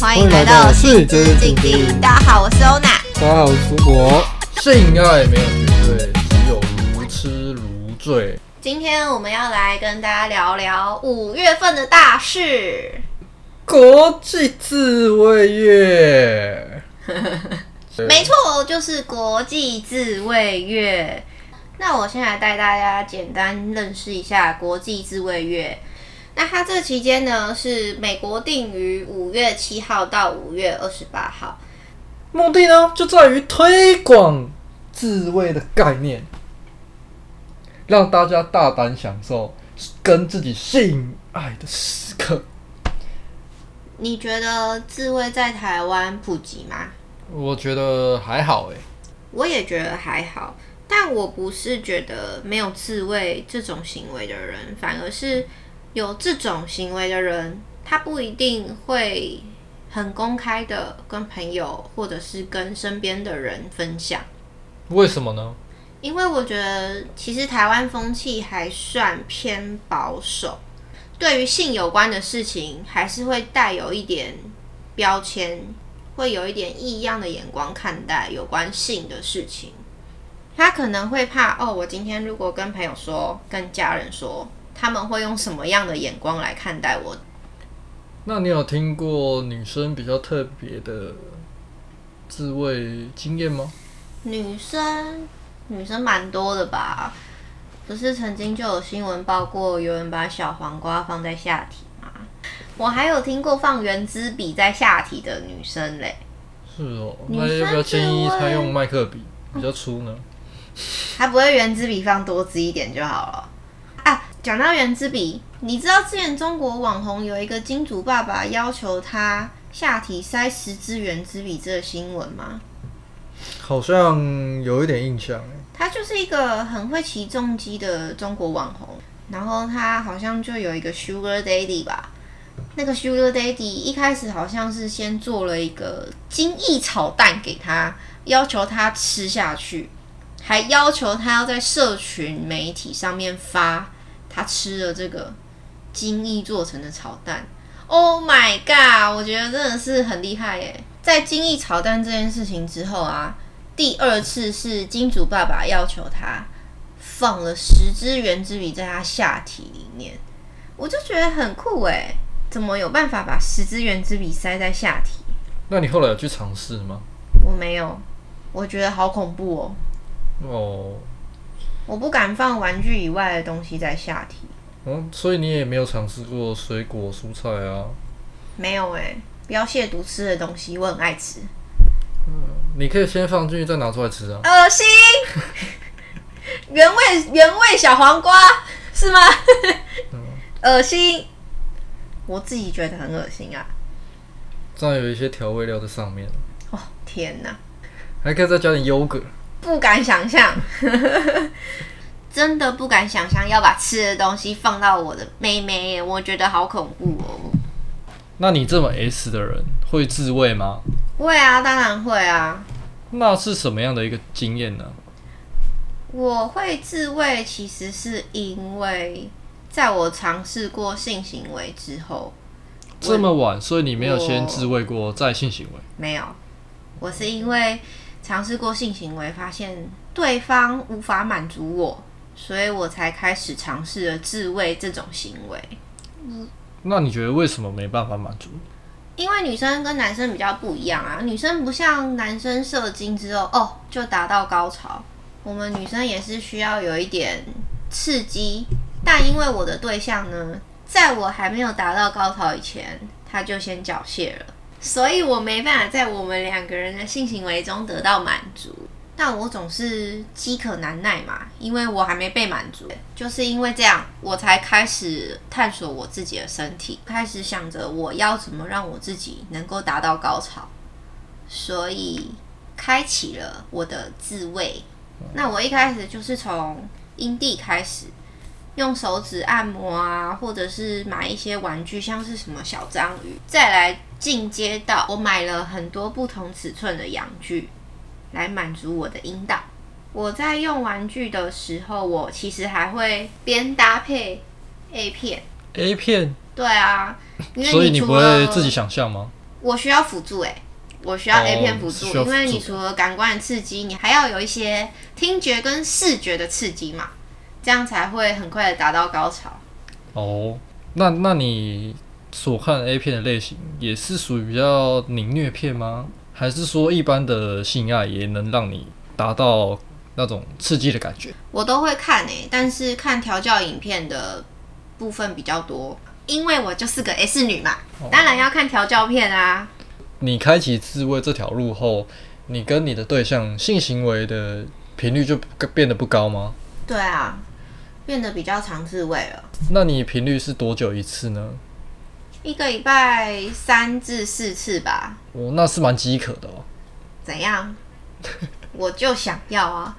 歡迎來到《性之靜靜》。大家好，我是歐娜。大家好，我是我。性愛沒有絕對，只有如癡如醉。今天我們要來跟大家聊聊五月份的大事——國際自慰月。呵對 沒錯，就是國際自慰月。那我先來帶大家簡單認識一下國際自慰月。那它這期間呢，是美國定於五月七號到五月二十八號。目的呢，就在於推廣自慰的概念，讓大家大膽享受跟自己性愛的時刻。你覺得自慰在台灣普及嗎？我覺得還好誒，我也覺得還好。但我不是覺得沒有自慰這種行為的人，反而是有這種行為的人，他不一定會很公開的跟朋友或者是跟身邊的人分享。為什麼呢？因為我覺得其實台灣風氣還算偏保守，對於性有關的事情，還是會帶有一點標籤，會有一點異樣的眼光看待有關性的事情。他可能會怕哦，我今天如果跟朋友說，跟家人說，他們會用什麼樣的眼光來看待我？那你有聽過女生比較特別的自慰經驗嗎？女生，女生蠻多的吧？不是曾經就有新聞報過有人把小黃瓜放在下體嗎？我還有聽過放原子筆在下體的女生嘞。是哦，那要不要建議她用麥克筆，比較粗呢？還不會原子筆，放多支一點就好了。啊，講到原子筆，你知道之前中國網紅有一個金主爸爸要求他下體塞十支原子筆這個新聞嗎？好像有一點印象耶。他就是一個很會騎重機的中國網紅，然後他好像就有一個 Sugar Daddy 吧。那個 Sugar Daddy 一開始好像是先做了一個精液炒蛋給他，要求他吃下去。還要求他要在社群媒體上面發他吃了這個精液做成的炒蛋。Oh my god！我覺得真的是很厲害耶。在精液炒蛋這件事情之後啊，第二次是金主爸爸要求他放了十支原子筆在他下體裡面，我就覺得很酷誒。怎麼有辦法把十支原子筆塞在下體？那你後來有去嘗試嗎？我沒有，我覺得好恐怖哦、喔。哦，oh, 我不敢放玩具以外的東西在下體。嗯，所以你也沒有嘗試過水果蔬菜啊？沒有哎、欸，不要褻瀆吃的東西，我很愛吃。嗯，你可以先放進去再拿出來吃啊。噁心， 原味，原味小黃瓜是嗎？嗯，噁心，我自己覺得很噁心啊。這樣有一些調味料在上面。哦天吶，還可以再加點優格。不敢想象，真的不敢想象要把吃的東西放到我的妹妹，我覺得好恐怖哦。那你這麼 S 的人會自慰嗎？會啊，當然會啊。那是什麼樣的一個經驗呢？我會自慰，其實是因為在我嘗試過性行為之後。這麼晚，所以你沒有先自慰過再性行為？沒有，我是因為。嘗試過性行為，發現對方無法滿足我，所以我才開始嘗試了自慰這種行為。那你覺得為什麼沒辦法滿足？因為女生跟男生比較不一樣啊，女生不像男生射精之後哦就達到高潮，我們女生也是需要有一點刺激，但因為我的對象呢，在我還沒有達到高潮以前，他就先繳械了。所以我沒辦法在我們兩個人的性行為中得到滿足，但我總是飢渴難耐嘛，因為我還沒被滿足。就是因為這樣，我才開始探索我自己的身體，開始想着我要怎麼讓我自己能夠達到高潮，所以開啟了我的自慰。那我一開始就是從陰蒂開始，用手指按摩啊，或者是買一些玩具，像是什麼小章魚，再來。進階到我買了很多不同尺寸的陽具來滿足我的陰道。我在用玩具的時候，我其實還會邊搭配 A 片。A 片？對啊，因為你除了，所以你不會自己想象嗎？我需要輔助哎、欸，我需要 A 片輔助，oh, 助因為你除了感官的刺激，你還要有一些聽覺跟視覺的刺激嘛，這樣才會很快的達到高潮。哦、oh, 那那你？所看 A 片的類型也是屬於比較凌虐片嗎？還是說一般的性愛也能讓你達到那種刺激的感覺？我都會看誒、欸，但是看調教影片的部分比較多，因為我就是個 S 女嘛，哦、當然要看調教片啊。你開啟自慰這條路後，你跟你的對象性行為的頻率就變得不高嗎？對啊，變得比較常自慰了。那你頻率是多久一次呢？一個禮拜三至四次吧。哦，那是蠻飢渴的哦。怎樣？ 我就想要啊，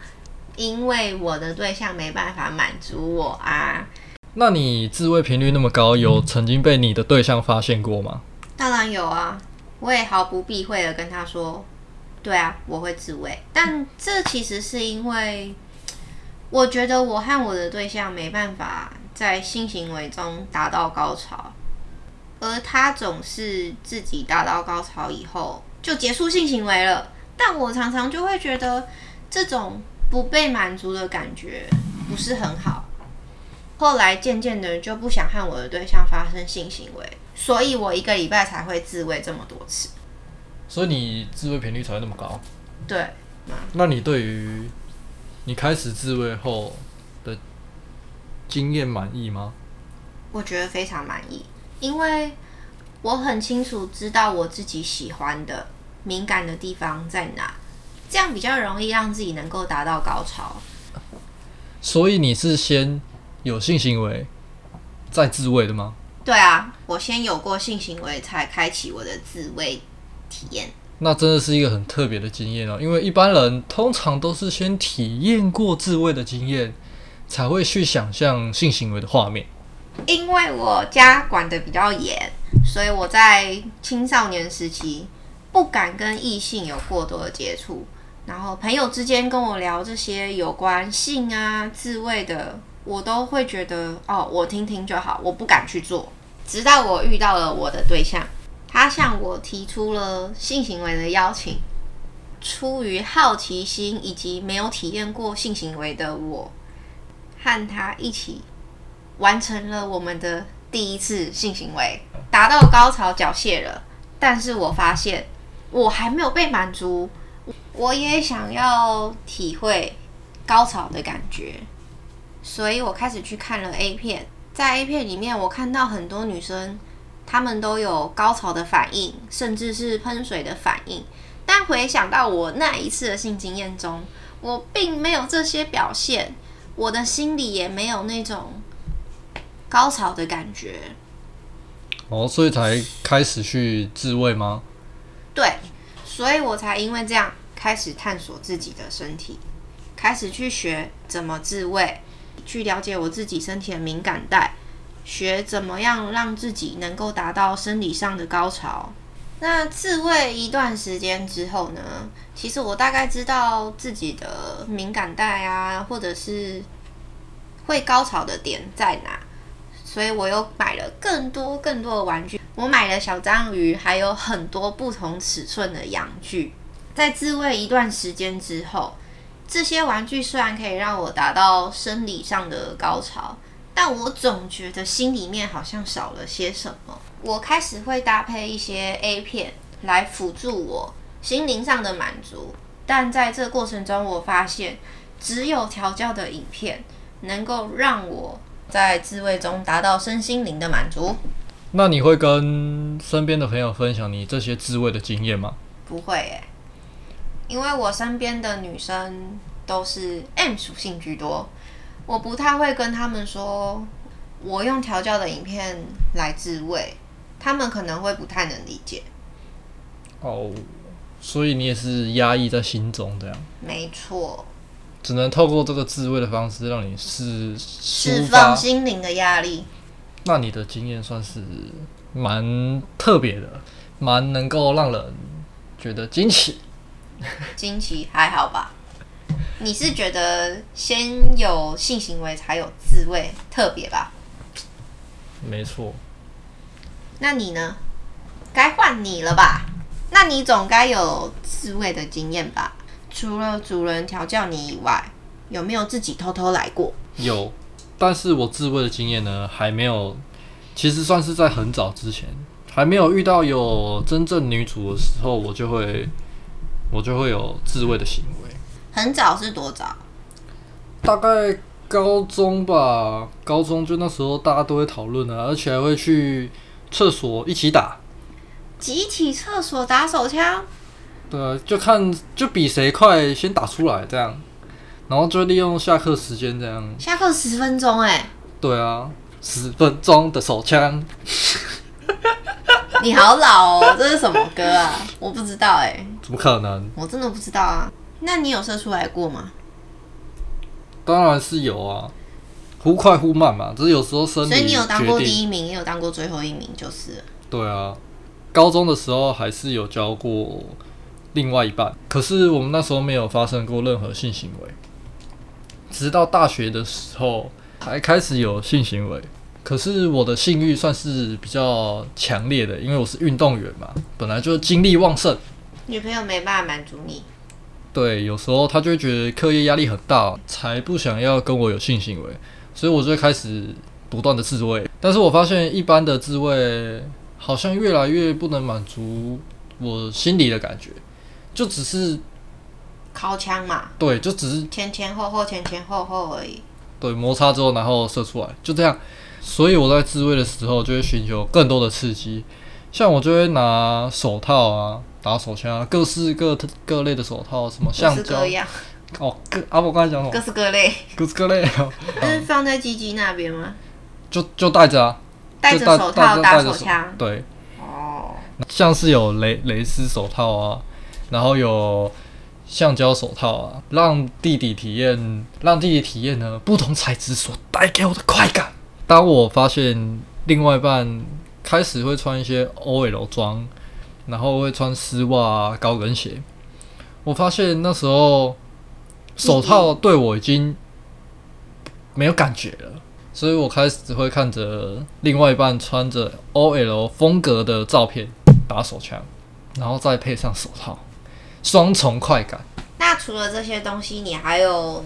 因為我的對象沒辦法滿足我啊。那你自慰頻率那麼高，有曾經被你的對象發現過嗎？嗯、當然有啊，我也毫不避諱地跟他說，對啊，我會自慰。但這其實是因為我覺得我和我的對象沒辦法在性行為中達到高潮。而他總是自己達到高潮以後就結束性行為了。但我常常就會覺得這種不被滿足的感覺不是很好。後來漸漸的就不想和我的對象發生性行為，所以我一個禮拜才會自慰這麼多次。所以你自慰頻率才會那麼高？對嗎。那你對於你開始自慰後的經驗滿意嗎？我覺得非常滿意。因為我很清楚知道我自己喜歡的敏感的地方在哪，這樣比較容易讓自己能夠達到高潮。所以你是先有性行為再自慰的嗎？對啊，我先有過性行為，才開啟我的自慰體驗。那真的是一個很特別的經驗哦，因為一般人通常都是先體驗過自慰的經驗，才會去想象性行為的畫面。因為我家管得比較嚴，所以我在青少年時期不敢跟異性有過多的接觸。然後朋友之間跟我聊這些有關性啊、自慰的，我都會覺得哦，我聽聽就好，我不敢去做。直到我遇到了我的對象，他向我提出了性行為的邀請。出於好奇心以及沒有體驗過性行為的我，和他一起。完成了我們的第一次性行為，達到高潮，繳械了。但是我發現我還沒有被滿足，我也想要體會高潮的感覺，所以我開始去看了 A 片。在 A 片裡面，我看到很多女生，她們都有高潮的反應，甚至是噴水的反應。但回想到我那一次的性經驗中，我並沒有這些表現，我的心裡也沒有那種。高潮的感覺，哦，所以才開始去自慰嗎？對，所以我才因為這樣開始探索自己的身體，開始去學怎麼自慰，去了解我自己身體的敏感帶，學怎麼樣讓自己能夠達到生理上的高潮。那自慰一段時間之後呢？其實我大概知道自己的敏感帶啊，或者是會高潮的點在哪。所以我又買了更多更多的玩具，我買了小章魚，還有很多不同尺寸的陽具。在自慰一段時間之後，這些玩具雖然可以讓我達到生理上的高潮，但我總覺得心裡面好像少了些什麼。我開始會搭配一些 A 片來輔助我心靈上的滿足，但在這過程中，我發現只有調教的影片能夠讓我。在自慰中達到身心靈的滿足。那你會跟身邊的朋友分享你這些自慰的經驗嗎？不會欸，因為我身邊的女生都是 M 屬性居多，我不太會跟他們說我用調教的影片來自慰，他們可能會不太能理解。哦，所以你也是壓抑在心中這樣？沒錯。只能透過這個自慰的方式，讓你釋釋放心靈的壓力。那你的經驗算是蠻特別的，蠻能夠讓人覺得驚奇。驚奇還好吧？ 你是覺得先有性行為才有自慰，特別吧？沒錯錯。那你呢？該換你了吧？那你總該有自慰的經驗吧？除了主人調教你以外，有沒有自己偷偷來過？有，但是我自慰的經驗呢，還沒有。其實算是在很早之前，還沒有遇到有真正女主的時候，我就會，我就會有自慰的行為。很早是多早？大概高中吧。高中就那時候大家都會討論啊，而且還會去廁所一起打。集體廁所打手槍？對啊，就看就比誰快先打出來這樣，然後就利用下課時間這樣。下課十分鐘哎。對啊，十分鐘的手槍。 你好老哦，這是什麼歌啊？我不知道哎。怎麼可能？我真的不知道啊。那你有射出來過嗎？當然是有啊，忽快忽慢嘛，只是有時候生理。所以你有當過第一名，也有當過最後一名，就是。對啊，高中的時候還是有教過，另外一半，可是我們那時候沒有發生過任何性行為，直到大學的時候才開始有性行為。可是我的性慾算是比較強烈的，因為我是運動員嘛，本來就精力旺盛。女朋友沒辦法滿足你。對，有時候她就會覺得課業壓力很大，才不想要跟我有性行為，所以我就開始不斷的自慰。但是我發現一般的自慰好像越來越不能滿足我心裡的感覺。就只是，靠槍嘛。對，就只是前前後後、前前後後而已。對，摩擦之後，然後射出來，就這樣。所以我在自慰的時候，就會尋求更多的刺激。像我就會拿手套啊，打手槍啊，各式各各類的手套，什麼橡膠。各式各樣哦，各，啊，我剛才講什麼各式各、各、各類，各式各類。但是放在雞雞那邊嗎？就就戴著啊，戴着手套打手槍。手。對。哦。像是有蕾蕾絲手套啊。然後有橡膠手套啊，讓弟弟體驗，讓弟弟體驗呢，不同材質所帶給我的快感。當我發現另外一半開始會穿一些 OL 裝，然後會穿絲襪、高跟鞋，我發現那時候手套對我已經沒有感覺了，所以我開始只會看着另外一半穿着 OL 風格的照片打手槍，然後再配上手套。雙重快感。那除了這些東西，你還有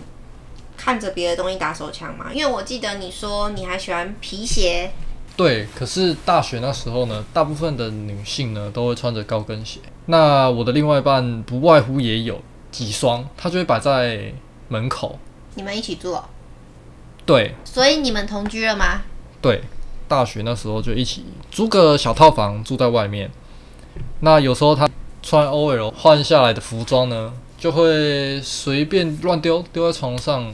看着別的東西打手槍嗎？因為我記得你說你還喜歡皮鞋。對，可是大學那時候呢，大部分的女性呢都會穿着高跟鞋。那我的另外一半不外乎也有幾雙，他就會擺在門口。你們一起住哦？對。所以你們同居了嗎？對，大學那時候就一起租個小套房住在外面。那有時候他。穿 OL 換下來的服裝呢，就會隨便亂丟，丟在床上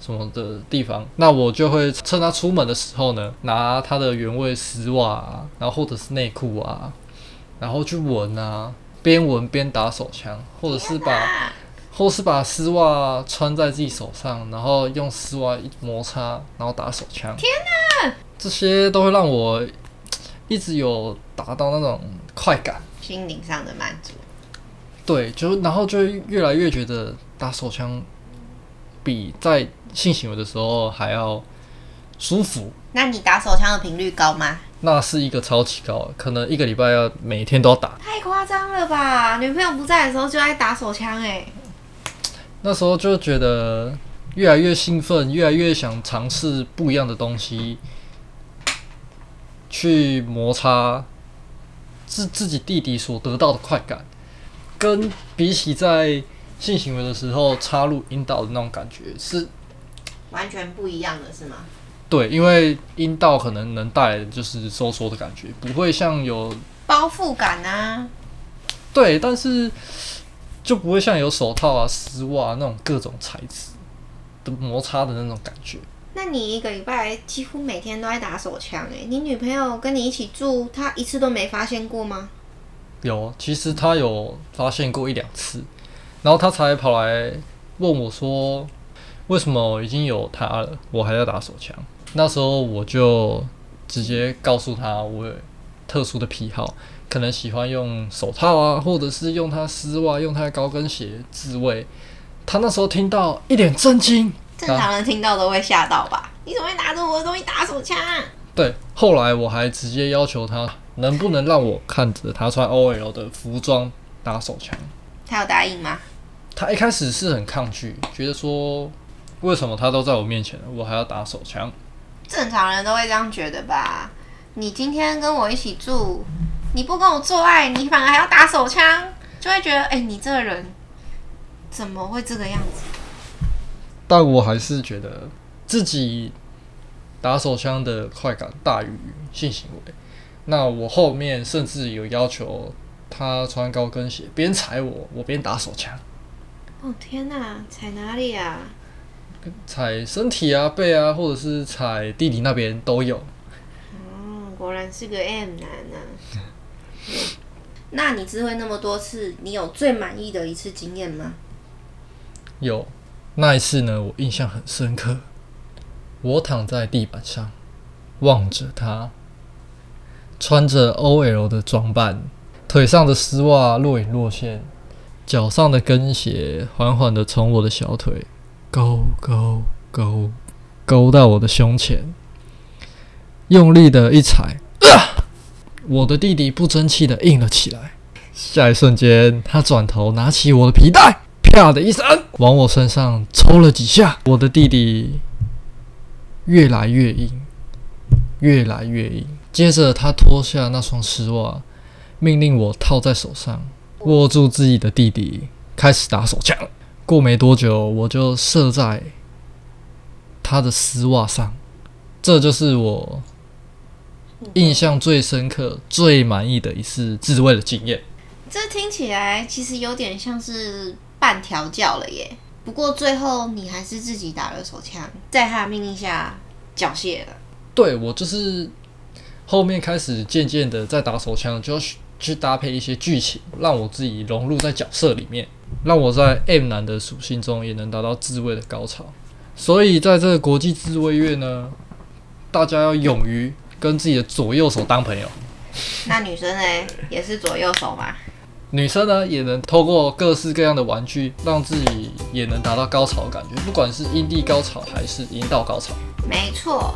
什麼的地方。那我就會趁他出門的時候呢，拿他的原味絲襪啊，然後或者是內褲啊，然後去聞啊，邊聞邊打手槍，或者是把，或是把絲襪穿在自己手上，然後用絲襪一摩擦，然後打手槍。天哪！這些都會讓我一直有達到那種快感。心靈上的滿足，對，就然後就越來越覺得打手槍比在性行為的時候還要舒服。那你打手槍的頻率高嗎？那是一個超級高，可能一個禮拜要每天都要打。太誇張了吧！女朋友不在的時候就愛打手槍、欸，誒，那時候就覺得越來越興奮，越來越想嘗試不一樣的東西，去摩擦。是自，自己弟弟所得到的快感，跟比起在性行為的時候插入陰道的那種感覺是完全不一樣的，是嗎？對，因為陰道可能能帶來的就是收縮的感覺，不會像有包覆感啊。對，但是就不會像有手套啊、絲襪那種各種材質的摩擦的那種感覺。那你一個禮拜幾乎每天都在打手槍誒，你女朋友跟你一起住，她一次都沒發現過嗎？有，其實她有發現過一兩次，然後她才跑來問我說，為什麼已經有她了，我還在打手槍？那時候我就直接告訴她我有特殊的癖好，可能喜歡用手套啊，或者是用她絲襪、用她的高跟鞋自慰。她那時候聽到一臉震驚。正常人聽到都會嚇到吧？他你怎麼會拿着我的東西打手槍，啊？對，後來我還直接要求他，能不能讓我看着他穿 OL 的服裝打手槍？他有答應嗎？他一開始是很抗拒，覺得說，為什麼他都在我面前，我還要打手槍？正常人都會這樣覺得吧？你今天跟我一起住，你不跟我做愛，你反而還要打手槍，就會覺得，哎、欸，你這個人怎麼會這個樣子？但我還是覺得自己打手槍的快感大於性行為。那我後面甚至有要求他穿高跟鞋，邊踩我，我邊打手槍。哦，天哪、啊，踩哪裡啊？踩身體啊、背啊，或者是踩弟弟那邊都有。哦，果然是個 M 男啊！ 那你自慰那麼多次，你有最滿意的一次經驗嗎？有。那一次呢，我印象很深刻。我躺在地板上，望着他，穿着 OL 的裝扮，腿上的絲襪若隱若現，腳上的跟鞋緩緩的從我的小腿勾勾勾勾，勾，勾到我的胸前，用力的一踩，啊、呃，我的弟弟不爭氣的硬了起來。下一瞬間，他轉頭拿起我的皮帶。“啪”的一聲，往我身上抽了幾下。我的弟弟越來越硬，越來越硬。接着，他脫下那雙絲襪，命令我套在手上，握住自己的弟弟，開始打手槍。過沒多久，我就射在他的絲襪上。這就是我印象最深刻、最滿意的一次自慰的經驗。這聽起來其實有點像是……半調教了耶，不過最後你還是自己打了手槍，在他的命令下繳械了。對，我就是後面開始漸漸的在打手槍，就去搭配一些劇情，讓我自己融入在角色裡面，讓我在 M 男的屬性中也能達到自慰的高潮。所以在這個國際自慰月呢，大家要勇於跟自己的左右手當朋友。那女生呢，對也是左右手嗎？女生呢，也能透過各式各樣的玩具，讓自己也能達到高潮的感覺，不管是陰蒂高潮還是陰道高潮。沒錯，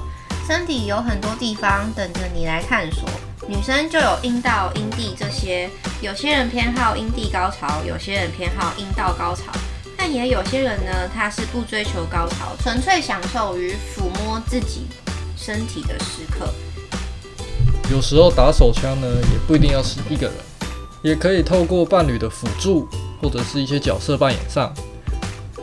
身體有很多地方等着你來探索。女生就有陰道、陰蒂這些。有些人偏好陰蒂高潮，有些人偏好陰道高潮，但也有些人呢，他是不追求高潮，純粹享受於撫摸自己身體的時刻。有時候打手槍呢，也不一定要是一個人。也可以透過伴侶的輔助，或者是一些角色扮演上，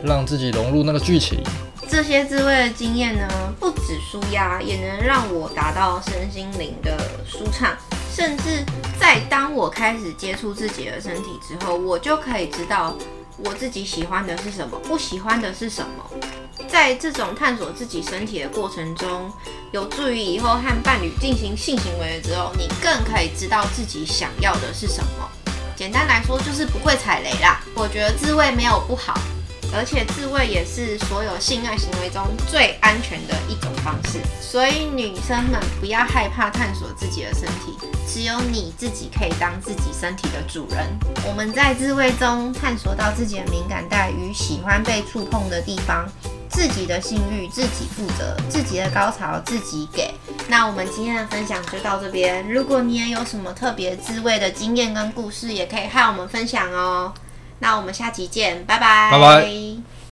讓自己融入那個劇情。這些自慰的經驗呢，不止舒壓，也能讓我達到身心靈的舒暢。甚至在當我開始接觸自己的身體之後，我就可以知道我自己喜歡的是什麼，不喜歡的是什麼。在這種探索自己身體的過程中，有助於以後和伴侶進行性行為的時候，你更可以知道自己想要的是什麼。簡單來說，就是不會踩雷啦。我覺得自慰沒有不好，而且自慰也是所有性愛行為中最安全的一種方式。所以女生們不要害怕探索自己的身體，只有你自己可以當自己身體的主人。我們在自慰中探索到自己的敏感帶與喜歡被觸碰的地方。自己的性慾，自己負責，自己的高潮自己給。那我們今天的分享就到這邊。如果你也有什麼特別滋味的經驗跟故事，也可以和我們分享哦。那我們下期見，拜拜。拜拜。